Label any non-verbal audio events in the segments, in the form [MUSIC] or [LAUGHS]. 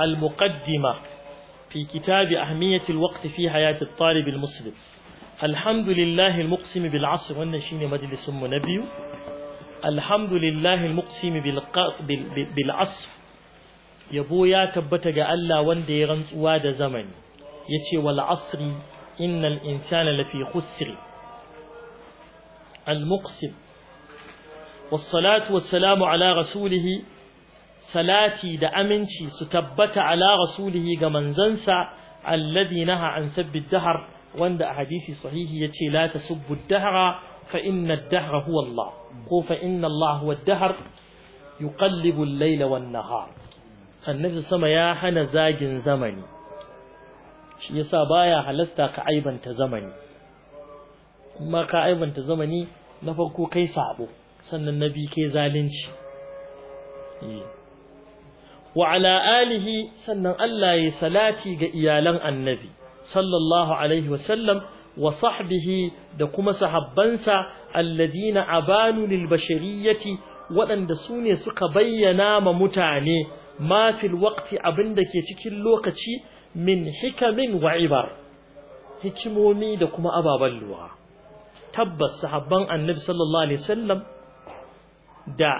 المقدمة في كتاب أهمية الوقت في حياة الطالب المسلم الحمد لله المقسم بالعصر والنشين مجلس منبي الحمد لله المقسم بالعصر يبو يا تبتا جعلا وان دي واد زمن يتي والعصر إن الإنسان لفي خسر المقسم والصلاة والسلام على رسوله salati da aminci su tabbata ala rasulihi ga manzansa alladhi naha an sabbi dahar wanda a hadisi sahihi yace la tasubbu dahra fa inna ad huwa Allah ko fa inna Allah huwa ad yuqallibu al-layla wan-nahar annabi sama ya hana zagin zamani shi yasa baya halasta ka aibanta zamani kuma ka aibanta zamani na farko kai sabo sannan nabi kai zalunci eh. wa ala alihi sannan Allah ya salati ga iyalan annabi sallallahu alaihi wasallam wa sahbihi da kuma sahabbansa alladina abanu lil bashariyati waɗanda su ne suka bayyana ma mutane ma fil waqti abinda ke cikin lokaci min hikamin wa ibar hikimomi da kuma ababen lura tabbas sahabban annabi sallallahu alaihi wasallam da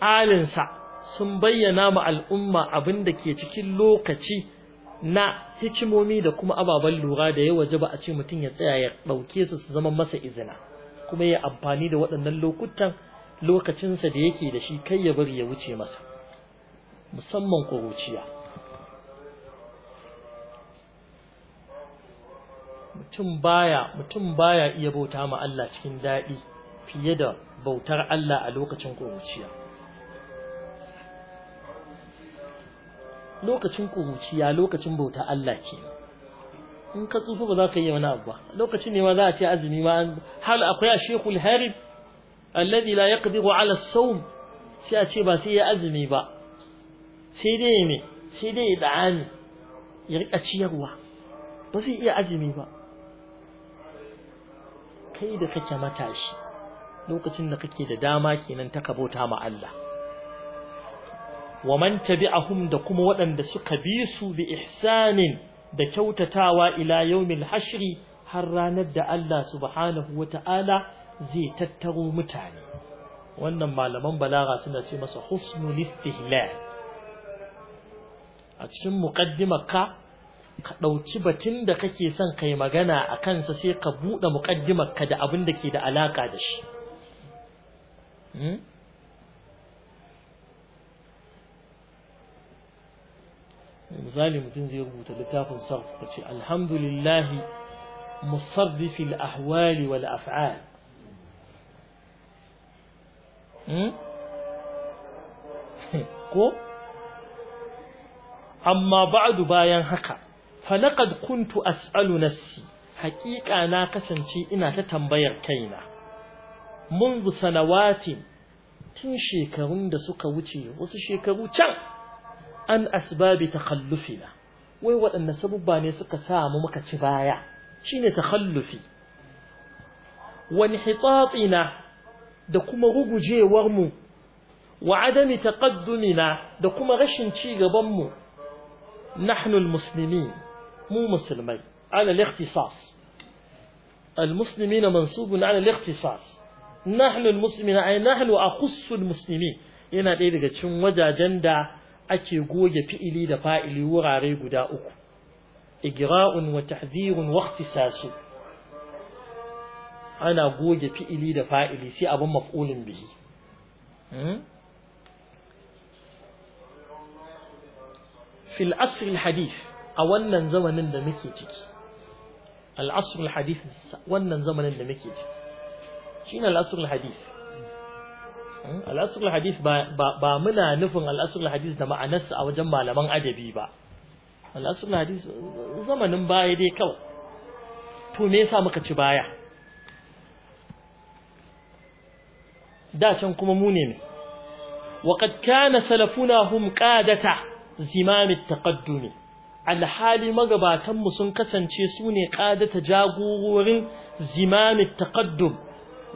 alinsa sun bayyana ma al'umma abin da ke cikin lokaci na hikimomi da kuma ababen lura da ya waje ba a ce mutum ya tsaya ya ɗauke su su zama masa izina kuma ya amfani da waɗannan lokutan lokacinsa da yake da shi kai ya bari ya wuce masa musamman ƙuruciya mutum baya mutum baya iya bauta ma Allah cikin daɗi fiye da bautar Allah a lokacin ƙuruciya lokacin kuhuciya lokacin bauta Allah ke in ka tsufa ba za ka yi wani abu ba lokacin ne ma za a ce azumi ma hal akwai a shekul harib alladhi la yaqdiru ala sawm sai a ce ba sai ya azumi ba sai dai me sai dai ya da'ani ya rika ciyarwa ba zai iya azumi ba kai da kake matashi lokacin da kake da dama kenan ta kabota ma Allah wa man tabi'ahum da kuma waɗanda suka bi su bi ihsanin da kyautatawa ila yawmil hashri har ranar da Allah subhanahu wata'ala zai tattaro mutane wannan malaman balaga suna ce masa husnul istihlal a cikin muƙaddimar ka ka dauki batun da kake son kai magana a kansa sai ka buɗe muƙaddimar ka da abin da ke da alaka da shi hmm? misali mutum zai rubuta littafin sarf ka ce alhamdulillahi musarrifi al-ahwali wal af'al hmm? [LAUGHS] ko amma ba'du bayan haka falaqad kuntu as'alu nafsi haƙiƙa na kasance ina ta tambayar kaina منذ sanawatin tun shekarun da suka wuce wasu shekaru can an asbabi takhallufina wai waɗanne sabubba ne suka samu mu muka ci baya shine takhallufi wani hitatina da kuma rugujewar mu wa adami taqaddumina da kuma rashin ci gaban mu nahnu almuslimin mu musulmai ala al-ikhtisas المسلمين منصوب على الاختصاص نحن المسلمين أي نحن أخص المسلمين yana ɗaya daga cikin wajajen da ake goge fi'ili da fa'ili wurare guda uku igra'un wa tahzirun wa ikhtisasu ana goge fi'ili da fa'ili sai abun maf'ulin bihi fil asr al hadith a wannan zamanin da muke ciki al asr al hadith wannan zamanin da muke ciki shine al asr al hadith al'asul hadis ba muna nufin al'asul hadis da ma'anarsa a wajen malaman adabi ba al'asul hadis zamanin baya dai kawai to me yasa muka ci baya da can kuma mu ne وقد كان سلفنا هم قادة زمام التقدم alhali magabatanmu sun kasance su ne ƙadata jagorin zimamin takaddum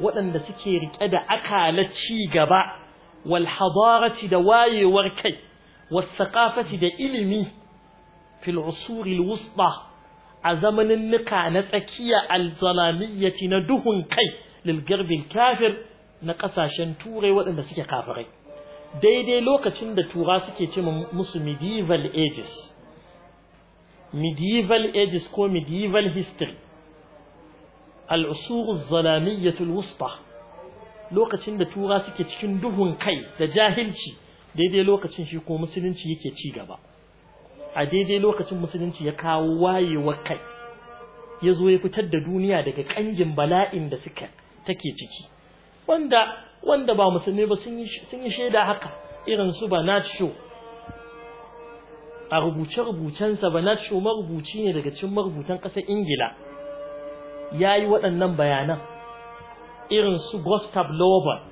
waɗanda suke riƙe da akala ci gaba wal hadarati da wayewar kai was saqafati da ilimi fil usuri al wusta a zamanin nika na tsakiya al zalamiyyati na duhun kai lil garbil kafir na ƙasashen turai waɗanda suke kafirai daidai lokacin da tura suke ce musu medieval ages medieval ages ko medieval history al'usuru zalamiyyatul wusta lokacin da tura suke cikin duhun kai da jahilci daidai lokacin shi ko musulunci yake ci gaba a daidai lokacin musulunci ya kawo wayewar kai ya zo ya fitar da duniya daga ƙangin bala'in da suka take ciki wanda wanda ba musulmi ba sun yi shaida haka irin su Banaccio a rubuce-rubucensa Banaccio marubuci ne daga cikin marubutan ƙasar Ingila ya yi waɗannan bayanan irin su Gustav Lobel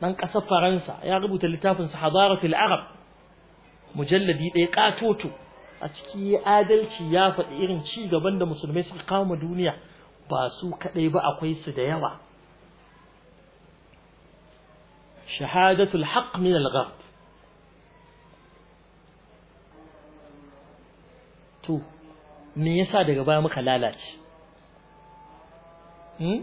ɗan ƙasar Faransa ya rubuta littafin su Hadara fil Arab mujalladi ɗaya ƙatoto a ciki adalci ya faɗi irin ci gaban da musulmai suka kama duniya ba su kaɗai ba akwai su da yawa shahadatul haqq min al-ghab to me yasa daga baya muka lalace hmm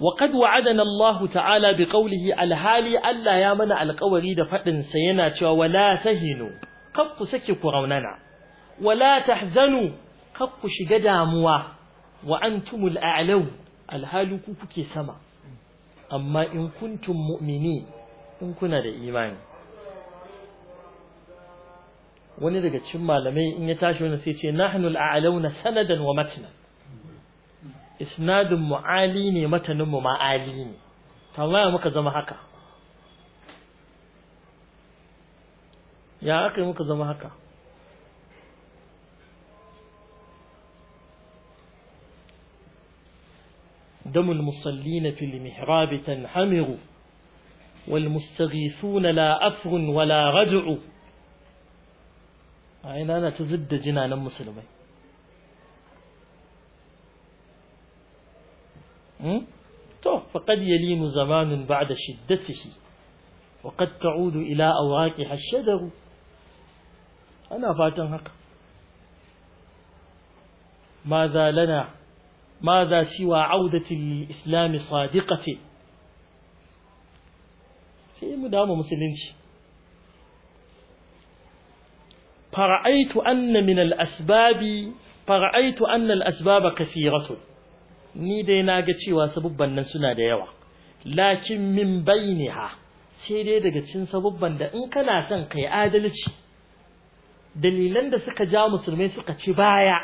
وقد وعدنا الله تعالى بقوله الحالي الا يا منا القوري ده فدن سي yana cewa wala tahinu kaf ku ku raunana wala tahzanu kaf ku shiga damuwa wa antumul a'law alhalu ku kuke sama amma in kuntum mu'minin in kuna da imani wani daga cikin malamai in ya tashi wani sai ce nahnu al sanadan wa matna isnadun mu'ali ne matanin mu ma'ali ne tambaya muka zama haka ya aka yi muka zama haka دم المصلين في المحراب تنحمر والمستغيثون لا أفر ولا رجع أين أنا تزد جنان المسلمين تو فقد يلين زمان بعد شدته وقد تعود إلى أوراقها الشدر أنا فاتن هكا ماذا لنا ماذا سوى عودة الإسلام صادقة سيدي مدام مسلمين Fara'aitu أن من الأسباب فرأيت أن ni dai na ga cewa sabubban nan suna da yawa lakin min ha, sai dai daga cikin sabubban da in kana son kai adalci dalilan da suka ja musulmai suka ci baya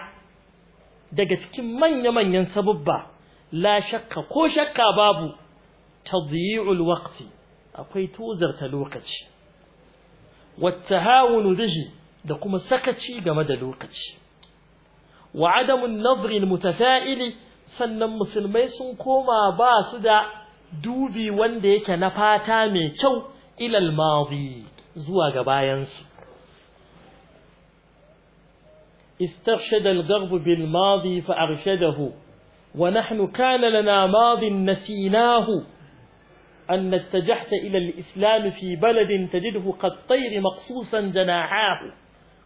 daga cikin manya-manyan sabubba la shakka ko shakka babu ta waqti akwai tuzarta lokaci wa tahawunu bihi دقوم سكتشي جمد لوكتشي وعدم النظر المتفائل سنن مسلمي سن كوما باسو دوبي وندي كنفاتا مي تشو الى الماضي زوى غبايانس استرشد الغرب بالماضي فارشده ونحن كان لنا ماض نسيناه أن اتجحت إلى الإسلام في بلد تجده قد طير مقصوصا جناحاه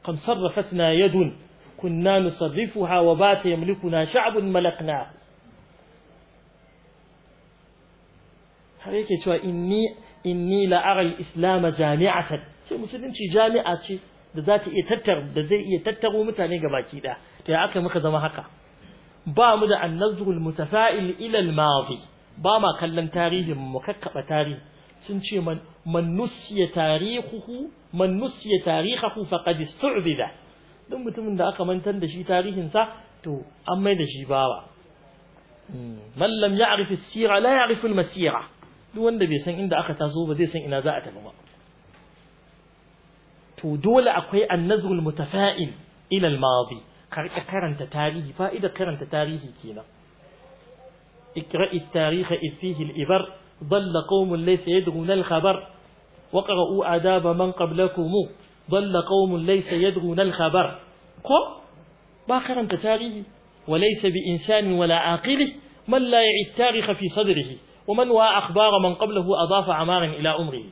قد صرفتنا يد كنا نصرفها وبات يملكنا شعب ملكنا هل يكي تشوى إني إني لا أرى الإسلام جامعة سي مسلمين شي جامعة شيء ذات يتتر إيه ذات إيه يتتر ومتاني قباكي دا تي أكا مكذا ما حقا بامد أن نزغ المتفائل إلى الماضي باما كلم تاريخ مكقب تاريخ sun ce man man tarihuhu man nusiya tarihuhu faqad istu'bida duk mutumin da aka mantar da shi tarihin sa to an mai da shi bawa man lam ya'rif as-sira la ya'rif al-masira duk wanda bai san inda aka taso ba zai san ina za a tafi ba to dole akwai an-nazrul mutafa'il ila al-madi karka karanta tarihi fa'ida karanta tarihi kenan ikra'i at-tarikha idh fihi al-ibar ضل قوم ليس يدرون الخبر وقرأوا عذاب من قبلكم ضل قوم ليس يدرون الخبر كو باخرا تاريخ وليس بإنسان ولا عاقل من لا يعي التاريخ في صدره ومن وا أخبار من قبله أضاف عمارا إلى عمره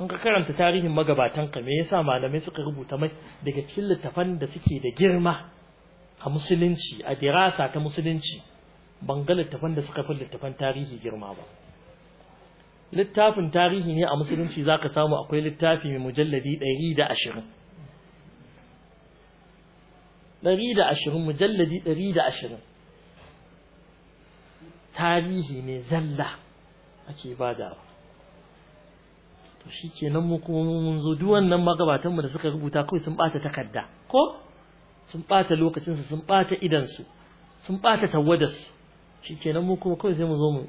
An ka karanta tarihin magabatanka me yasa malamai suka rubuta mai daga cikin littafan da suke da girma a musulunci a dirasa ta musulunci ban ga littafan da suka fi littafan tarihi girma ba littafin tarihi ne a musulunci za ka samu akwai littafi mai mujalladi 120 120 mujalladi 120 tarihi ne zalla ake badawa to shikenan mu kuma mun zo duk wannan magabatanmu da suka rubuta kawai sun bata takarda ko sun bata lokacinsu, sun bata idan sun bata tawadar su shikenan mu kuma kawai sai mu zo mu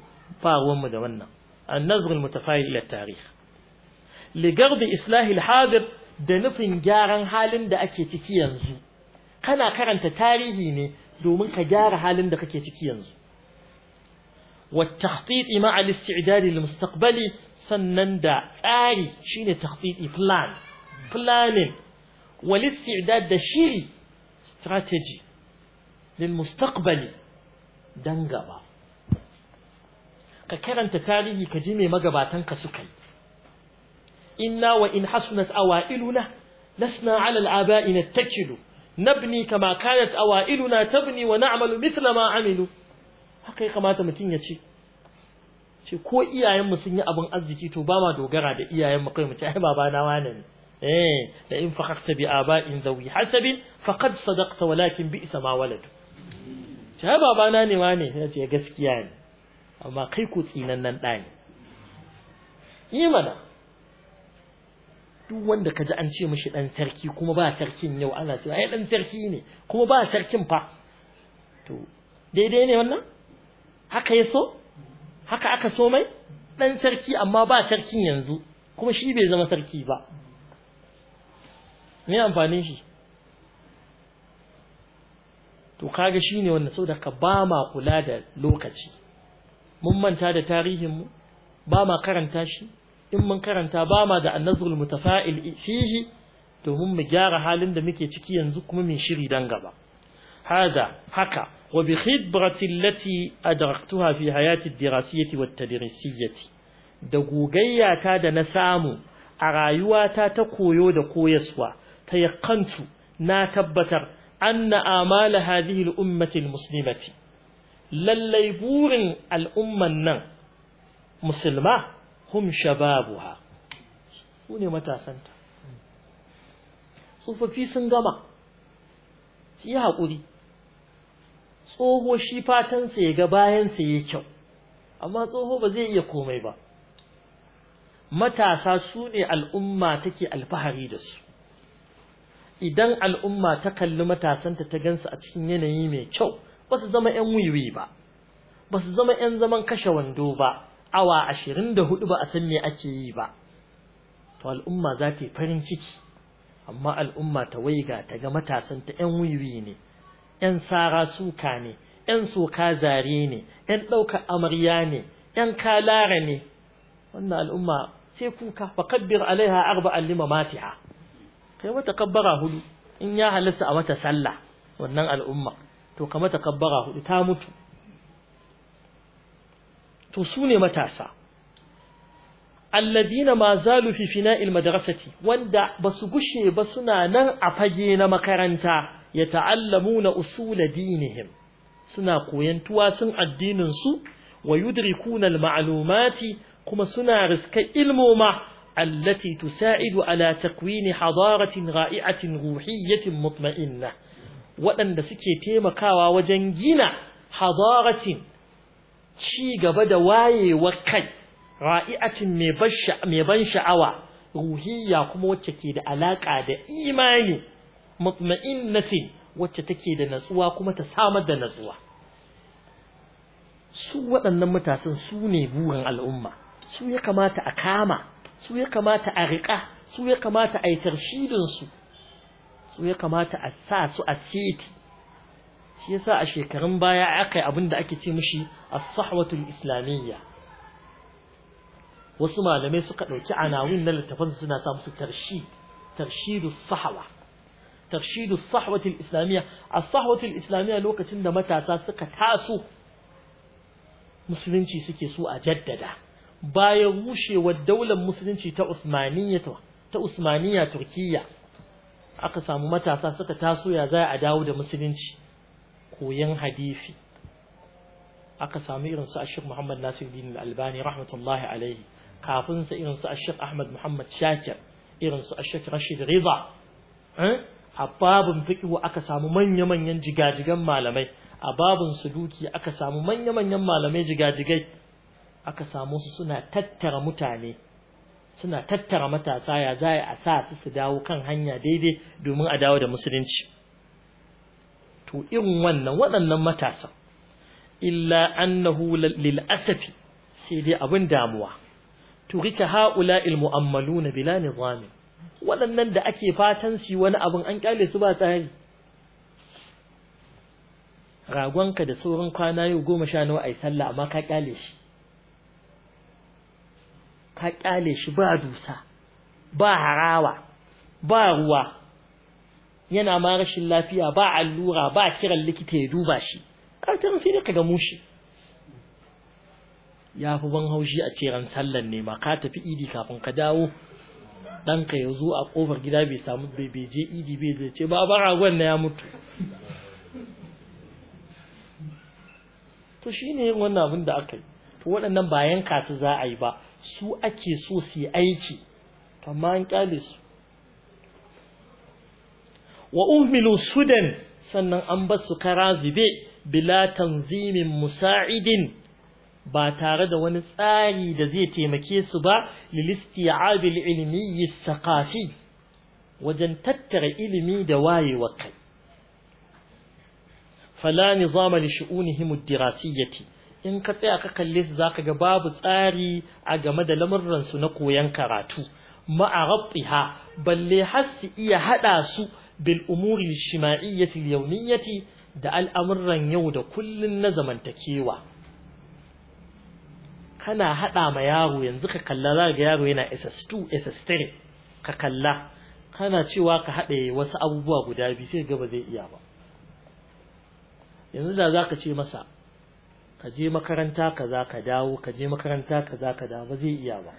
fa da wannan النظر المتفاعل إلى التاريخ لقرب إصلاح الحاضر da nufin gyaran halin da ake ciki yanzu kana karanta tarihi ne domin ka gyara halin da kake ciki yanzu والتخطيط مع الاستعداد للمستقبلي sannan da tsari shine takhfidi plan planning wal da shiri strategy lil mustaqbali dan gaba ka karanta tarihi ka ji mai magabatan ka suka yi inna wa in hasunat awailuna lasna ala al'aba'i nattakilu nabni kama kanat awailuna tabni wa na'malu mithla ma amilu haka ya kamata mutum ya ce ce ko iyayenmu sun yi abin arziki to ba ma dogara da iyayenmu kai mu ce ai baba na wane ne eh da in faqaqta bi aba'in zawi hasabin faqad sadaqta walakin bi isma walad ce ai baba na ne wane ya ce gaskiya ne amma kai ku tsinannan ɗa ne imana duk wanda ka ji an ce mishi ɗan sarki kuma ba sarkin yau ana cewa ai ɗan sarki ne kuma ba sarkin fa to daidai ne wannan haka ya so haka aka so mai ɗan sarki amma ba sarkin yanzu kuma shi bai zama sarki ba me amfanin shi to kaga shine wannan saboda ka ba ma kula da lokaci mun manta da tarihin mu ba ma karanta shi in mun karanta ba ma da annazrul mutafa'il fihi domin mu gyara halin da muke ciki yanzu kuma mu shiri dan gaba hada haka wa bi khibrati allati adraktuha fi hayati ad-dirasiyyati wat-tadrisiyyati da gogayyata da na samu a rayuwata ta koyo da koyaswa ta yakantu na tabbatar anna amala hadhihi al-ummati al-muslimati lallai burin al'umman nan musulma hum shababuha su ne matasanta tsofaffi sun gama su yi haƙuri tsoho shi fatansa ya ga bayansa ya kyau amma tsoho ba zai iya komai ba matasa su ne al'umma take alfahari da su idan al'umma ta kalli matasanta ta gansu a cikin yanayi mai kyau ba su zama ‘yan wiwi ba, ba su zama ‘yan zaman kashe wando ba, awa ashirin da hudu ba a san me ake yi ba. To al'umma za ta yi farin ciki, amma al'umma ta waiga ta ga matasan ta ‘yan wiwi ne, ‘yan sara suka ne, ‘yan soka zare ne, ‘yan ɗaukar amarya ne, ‘yan kalara ne. Wannan al'umma sai kuka, kabbir alaiha arba'an lima matiha. Kai wata kabbara hudu, in ya halitta a mata sallah wannan al'umma. to ka mata kabbara hudu ta mutu to su ne matasa alladina ma zalu fi fina'il madrasati wanda basu gushe ba suna nan a fage na makaranta ya ta'allamuna usula dinihim suna koyan tuwasun addinin su wa yudrikuna al-ma'lumati kuma suna riska ilmoma allati tusa'idu ala takwini hadaratin ra'i'atin ruhiyyatin mutma'inna waɗanda suke taimakawa wajen gina hadaratin ci gaba da wayewar kai ra'iatin mai ban sha'awa ruhiyya kuma wacce ke da alaƙa da imani mutma'innatin wacce take da natsuwa kuma ta samar da natsuwa su waɗannan matasan su ne burin al'umma su ya kamata a kama su ya kamata a riƙa su ya kamata a yi tarshidinsu su ya kamata a sa su a titi shi yasa a shekarun baya aka yi abin da ake ce mishi as-sahwatul islamiyya wasu malamai suka ɗauki anawin na littafan suna sa musu tarshi tarshidus sahwa tarshidus sahwatul islamiyya as-sahwatul islamiyya lokacin da matasa suka taso musulunci suke so a jaddada bayan rushewar daular musulunci ta Usmaniyya ta Usmaniyya Turkiyya aka samu matasa suka taso ya za a dawo da musulunci koyan hadisi aka samu irin su Ashik Muhammad Nasiruddin Al-Albani rahmatullahi alaihi kafin sa irin su Ashik Ahmad Muhammad Shakir irin su Ashik Rashid Riza eh? a babin fiqh aka samu manya-manyan jigajigan malamai a babin suduki aka samu manya-manyan malamai jigajigai aka samu su suna tattara mutane suna tattara matasa ya za a sa su su dawo kan hanya daidai domin a dawo da musulunci to irin wannan waɗannan matasa illa annahu lil asafi sai dai abin damuwa To turika haula il na, bila nizami waɗannan da ake fatan su wani abin an kyale su ba tsari ragonka da sauran kwana yau goma sha nawa ai sallah amma ka kyale shi ka kyale shi ba dusa ba harawa ba ruwa yana ma rashin lafiya ba allura ba kiran likita ya duba shi ka sai ka ga mushi ya fi ban haushi a ceran sallan ne ma ka tafi idi kafin ka dawo ɗanka ya zo a ƙofar gida bai samu bai je idi bai zai ce ba ragon na ya mutu to shine yin wannan abin da aka yi to waɗannan bayan kasu za a yi ba su ake so su yi aiki amma an kyale su wa umilu sudan sannan an basu su kara zube bila tanzimin musa'idin ba tare da wani tsari da zai taimake su ba lilisti'ab al-ilmi al wajen tattara ilimi da wayewa kai fala nizama li shu'unihim ad-dirasiyyati in ka tsaya ka kalle su zaka ga babu tsari a game da lamurran su na koyan karatu ma'arabtiha balle har su iya hada su bil umuri shima'iyyati yawmiyyati da al'amuran yau da kullun na zamantakewa kana hada ma yaro yanzu ka kalla za ga yaro yana SS2 SS3 ka kalla kana cewa ka hada wasu abubuwa guda biyu sai ga ba zai iya ba yanzu da zaka ce masa ka je makaranta ka za ka dawo ka je makaranta ka za ka dawo ba zai iya ba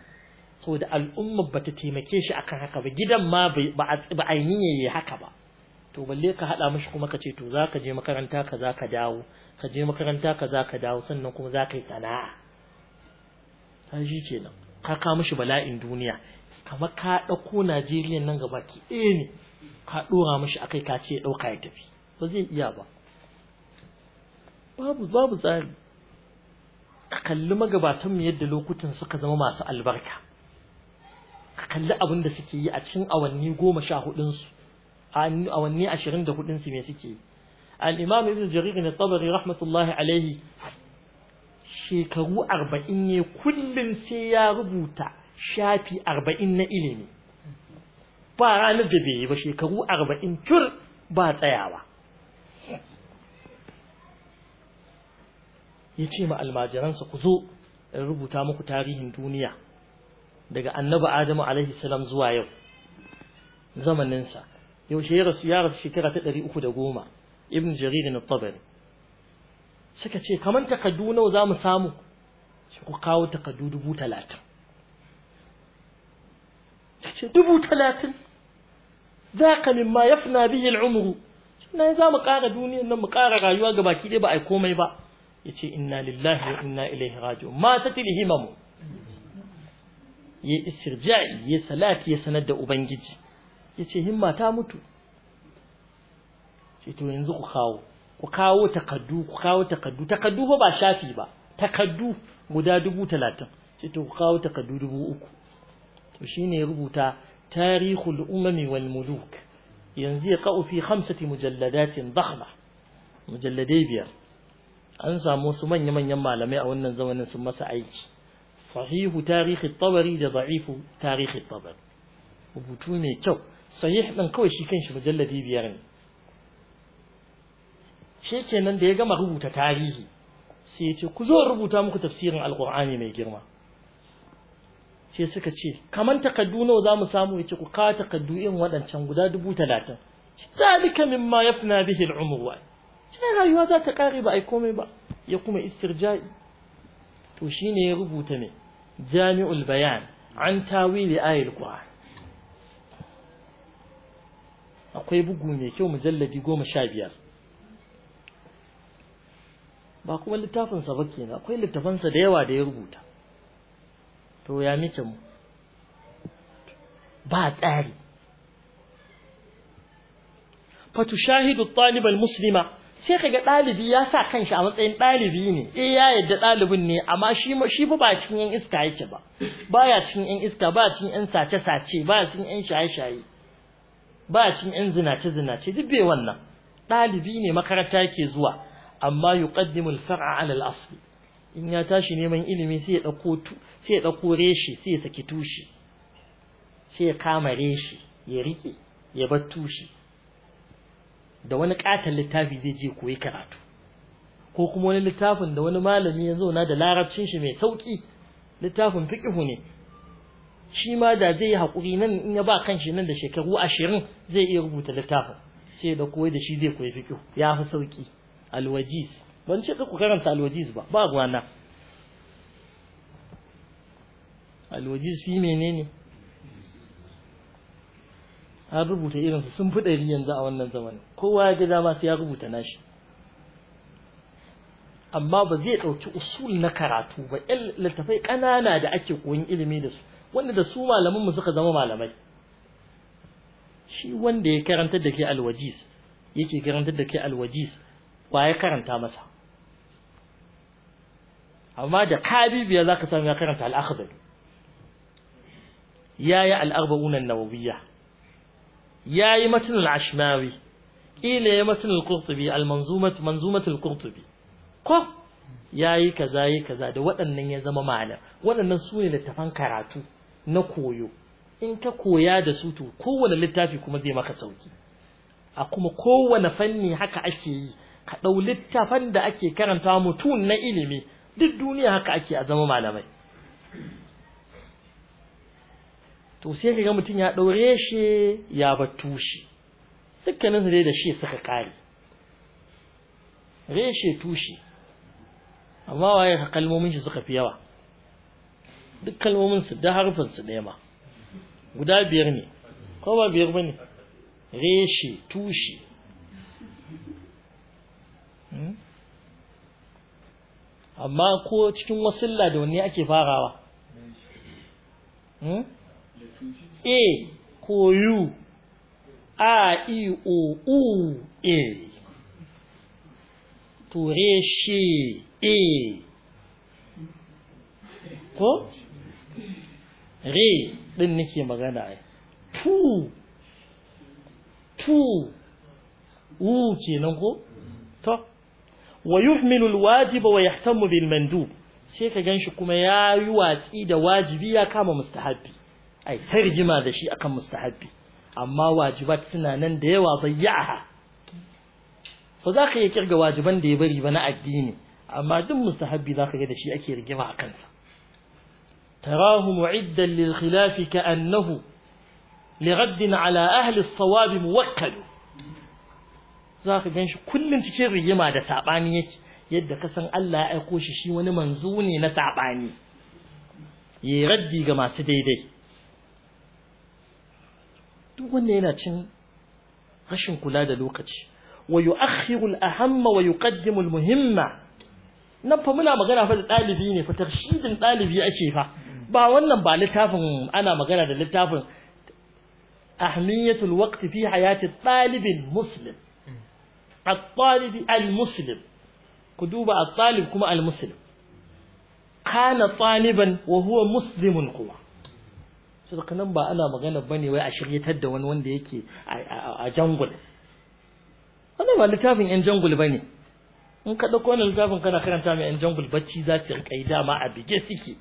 saboda al'ummar ta taimake shi akan haka ba gidan ma ba a yi yi haka ba to balle ka haɗa mashi kuma ka ce to za ka je makaranta ka za ka dawo ka je makaranta ka za ka dawo sannan kuma za ka yi sana'a ta shi kenan ka ka mashi bala'in duniya kamar ka ɗauko Najeriya nan gaba ki ɗaya ne ka ɗora mashi akai ka ce ɗauka ya tafi ba zai iya ba babu babu tsari ka kalli magabatan mu yadda lokutan suka zama masu albarka ka kalli abin da suke yi a cikin awanni goma sha hudunsu awanni ashirin da hudunsu me suke yi al'imam ibn jarir na tabari rahmatullahi alaihi shekaru arba'in ne kullum sai ya rubuta shafi arba'in na ilimi ba ranar da bai yi ba shekaru arba'in tur ba tsayawa ya ce ma almajiransa ku zo in rubuta muku tarihin duniya daga annabi adamu alaihi salam zuwa yau zamaninsa yaushe ya rasu ya rasu shekara ta ɗari uku da goma ibn jarir na tabari suka ce kamar takardu nawa za mu samu sai ku kawo takardu dubu talatin ta ce dubu talatin za ka ma yafna bihi al'umru sannan za mu ƙara duniyan nan mu ƙara rayuwa ga baki ɗaya ba a komai ba yace inna lillahi wa inna ilaihi raji'un ma tatilhimamu yi istirja'i yi salati ya sanar da ubangiji yace himma ta mutu ce to yanzu ku kawo ku kawo takaddu ku kawo takaddu takaddu ba shafi ba takaddu guda dubu talatin to ku kawo takaddu dubu uku to shine ya rubuta tarihul umami wal muluk yanzu ya ka'u fi khamsati mujalladatin dakhma mujalladai biyar an samu su manya-manyan malamai a wannan zamanin sun masa aiki sahihu tarihi tabari da za'ifu tarihi tabari rubutu mai kyau sahih ɗin kawai shi kanshi mujalladi biyar ne shi kenan da ya gama rubuta tarihi sai ya ce ku zo rubuta muku tafsirin alkur'ani mai girma sai suka ce kaman takaddu nawa za mu samu ya ce ku kawo takaddu irin waɗancan guda dubu talatin ذلك مما يفنى به العمر sai rayuwa za ta kare ba ai komai ba ya kuma istirja'i to shine ya rubuta ne jami'ul bayan an tawili ayil qur'an akwai bugu mai kyau mujalladi goma sha biyar ba kuma littafinsa ba kenan akwai littafansa da yawa da ya rubuta to ya mice mu ba tsari fatushahidu talibal muslima sai kaga ɗalibi ya sa kanshi a matsayin ɗalibi ne eh ya yadda ɗalibin ne amma shi shi ba cikin yan iska yake ba baya cikin yan iska ba cikin yan sace sace ba cikin yan shaye shaye ba cikin yan zinace zinace duk bai wannan ɗalibi ne makaranta yake zuwa amma yuqaddimul fara 'ala al-asl in ya tashi neman ilimi sai ya dauko sai ya dauko reshi sai ya saki tushi sai ya kama reshi ya rike ya bar tushi da wani katon littafi zai je koyi karatu ko kuma wani littafin da wani malami ya zauna da larabcin shi mai sauki littafin fiƙihu ne shi ma da zai yi hakuri nan in ya ba kan shi nan da shekaru ashirin zai iya rubuta littafin sai da koyi da shi zai koyi fiƙihu. ya fi sauki alwajiz ban ce ku karanta alwajiz ba ba gwana alwajiz fi menene an rubuta irinsu sun fi ɗari yanzu a wannan zamanin kowa ya ga dama sai ya rubuta nashi amma ba zai ɗauki usul na karatu ba ƴan littafai ƙanana da ake koyin ilimi da su wanda da su malaman mu suka zama malamai shi wanda ya karanta da ke alwajis yake karantar da ke alwajis ba ya karanta masa amma da kabibiya ka samu ya karanta al Ya yayi al-arba'una yayi matan al-ashmawi kila yayi matan al-qurtubi al-manzumat manzumat al-qurtubi ko yayi kaza yayi kaza da waɗannan ya zama malam waɗannan su ne littafan karatu na koyo in ka koya da su to kowane littafi kuma zai maka sauki a kuma kowane fanni haka ake yi ka ɗau littafan da ake karanta mutum na ilimi duk duniya haka ake a zama malamai to sai ka mutum ya ɗaure shi ya batu shi dukkanin dai da shi suka ƙare reshe tushe amma waye ka kalmomin shi suka fi yawa duk kalmomin su da harfin su ɗaya ma guda biyar ne ko ba biyar bane reshe tushe hmm? amma ko cikin wasilla da wanne ake farawa hmm? A ko U A I O U A e. ture shi A e. ko re din nake magana ai tu tu u kenan ko to wa yuhmilu alwajiba wa yahtamu bil mandub sai ka ganshi kuma yayi watsi da wajibi ya kama mustahabi ai ta rigima da shi akan mustahabbi amma wajibat suna nan da yawa bayyaha fa za ka iya kirga wajiban da ya bari ba na addini amma duk mustahabbi za ka ga da shi ake rigima a kansa tarahu mu'iddan lil khilaf ka annahu li raddin ala ahli as-sawabi muwakkal za ka ganshi kullun cikin rigima da sabani yake yadda ka san Allah ya aiko shi shi wani manzo ne na sabani yi raddi ga masu daidai duk wannan yana cin rashin kula da lokaci wa yu'akhiru al-ahamma wa yuqaddimu al-muhimma nan fa muna magana fa da ɗalibi ne fa tarshidin ɗalibi ake fa ba wannan ba littafin ana magana da littafin ahmiyatul waqti fi hayati ɗalibin muslim at-talib al-muslim ku duba at-talib kuma al-muslim kana taliban wa huwa muslimun kuwa saboda nan ba ana magana bane wai a shiryatar da wani wanda yake a jangul wannan ba littafin yan jangul bane in ka dauko wannan littafin kana karanta mai yan jangul bacci za ta rika yi dama a bige suke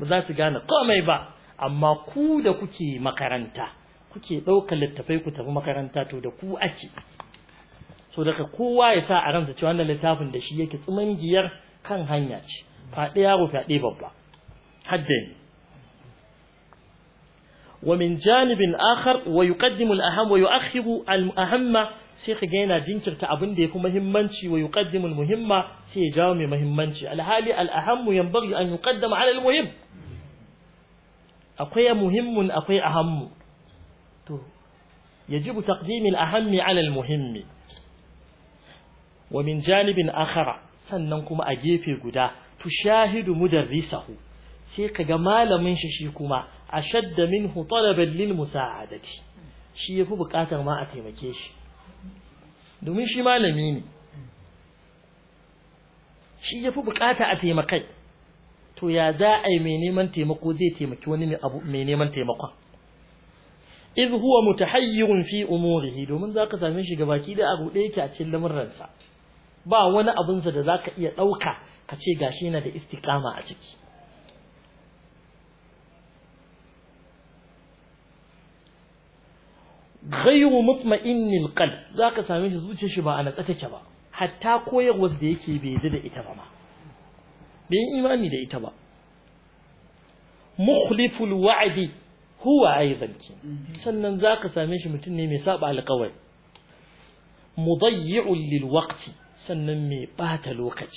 ba za su gane komai ba amma ku da kuke makaranta kuke ɗaukar littafai ku tafi makaranta to da ku ake so daga kowa ya sa a ransa cewa wannan littafin da shi yake tsumangiyar kan hanya ce faɗi yaro faɗi babba haddani ومن جانب آخر ويقدم الأهم ويؤخر الأهم سيخ جينا جنكر تعبن ديكو مهمنشي ويقدم المهمة سيجاوم مهمنشي الحالي الأهم ينبغي أن يقدم على المهم أقوي مهم أقوي أهم تو يجب تقديم الأهم على المهم ومن جانب آخر سننكم أجيب قدا تشاهد مدرسه سيخ جمال من ششيكما أشد منه طلبا للمساعدة shi ya fi bukatar ma a taimake shi domin shi malami ne shi ya fi bukata a taimakai to ya za a yi mai neman taimako zai taimaki wani abu mai neman taimakon iz huwa mutahayyirun fi umurihi domin zaka same shi baki da a ɗaya yake a cikin lamuransa ba wani abunsa da zaka iya ɗauka kace gashi yana da istikama a ciki غير مطمئن القلب ذاك سامي زوجي شبا أنا تتشبا حتى كوي غوزديك بيدد إتباما بين إيماني دي إتبا مخلف الوعد هو أيضا سنن ذاك سامي شمتني مساب على قوي مضيع للوقت سنمي بات الوقت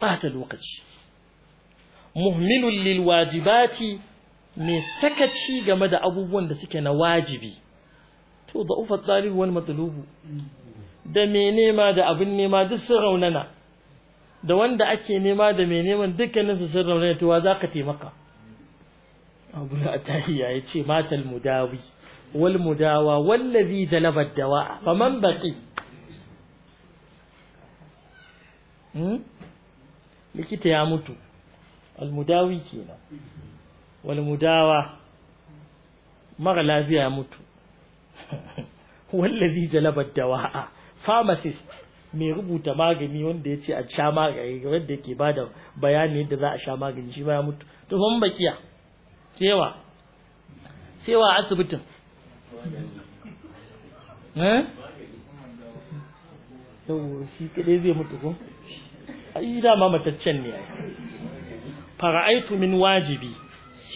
بات الوقت مهمل للواجبات mai sakaci game da abubuwan da suke na wajibi to da ufa tsalibu wani matsalubu da mai nema da abin nema duk sun raunana da wanda ake nema da mai neman dukkanin su sun raunana to wa za ka taimaka abu na tahiya ya ce matal mudawi wal mudawa wallazi da labar dawa faman baki hmm? likita ya mutu al mudawi kenan mudawa mara lafiya mutu [LAUGHS] wallazi jalabar dawa'a pharmacist mai rubuta magani wanda ya ce a sha magani wanda yake ba da bayani yadda za a sha magani shi ba ya mutu to ban bakiya cewa cewa asibitin eh to eh? shi kadai zai mutu ko ai dama mataccen ne ai fara'aitu min wajibi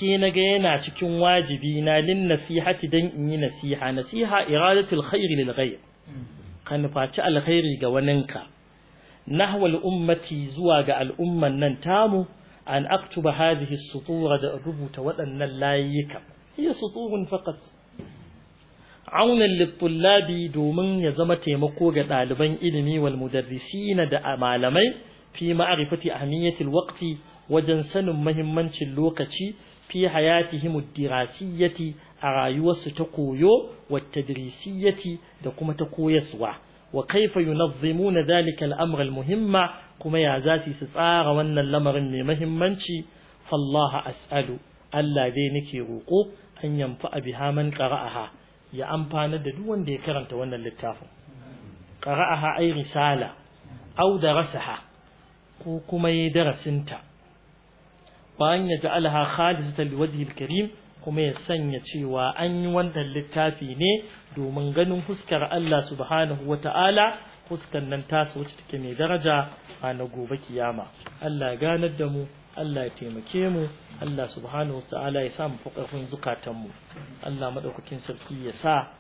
sai naga yana cikin wajibi na lin nasihati dan in yi nasiha nasiha iradatul khairi lil ghayr ka nufaci alkhairi ga waninka nahwal ummati zuwa ga al'umman nan tamu an aktuba hadhihi sutura da rubuta waɗannan layuka. hiya suturun faqat aunan littullabi domin ya zama taimako ga ɗaliban ilimi wal mudarrisina da malamai fi ma'rifati ahmiyatil waqti wajen sanin mahimmancin lokaci fi hayatihim ad a rayuwarsu ta koyo wa tadrisiyyati da kuma ta koyaswa wa kaifa yunazzimuna dhalika al-amr muhimma kuma ya zasu su tsara wannan lamarin mai muhimmanci fallaha as'alu Allah dai nake roƙo an yanfa biha man qara'aha ya amfana da duk wanda ya karanta wannan littafin qara'aha ay risala aw darasaha ko kuma yi darasinta bayan ya ji ja'alaha ta liwajhil karim kuma ya sanya cewa an yi wannan littafi ne domin ganin fuskar Allah subhanahu ta'ala fuskan nan ta su wacce take mai daraja a na gobe kiyama Allah ya ganar da mu Allah ya taimake mu Allah subhanahu ta'ala ya sa mu fukarfin zukatan mu Allah maɗaukakin sarki ya sa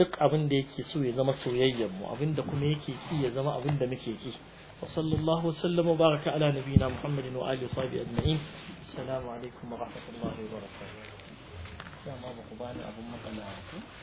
duk abin da yake so ya zama soyayyen mu abin da kuma yake ki ya zama abin da muke ki وصلى الله وسلم وبارك على نبينا محمد وآله وصحبه أجمعين السلام عليكم ورحمة الله وبركاته يا ماما قباني أبو مقلعة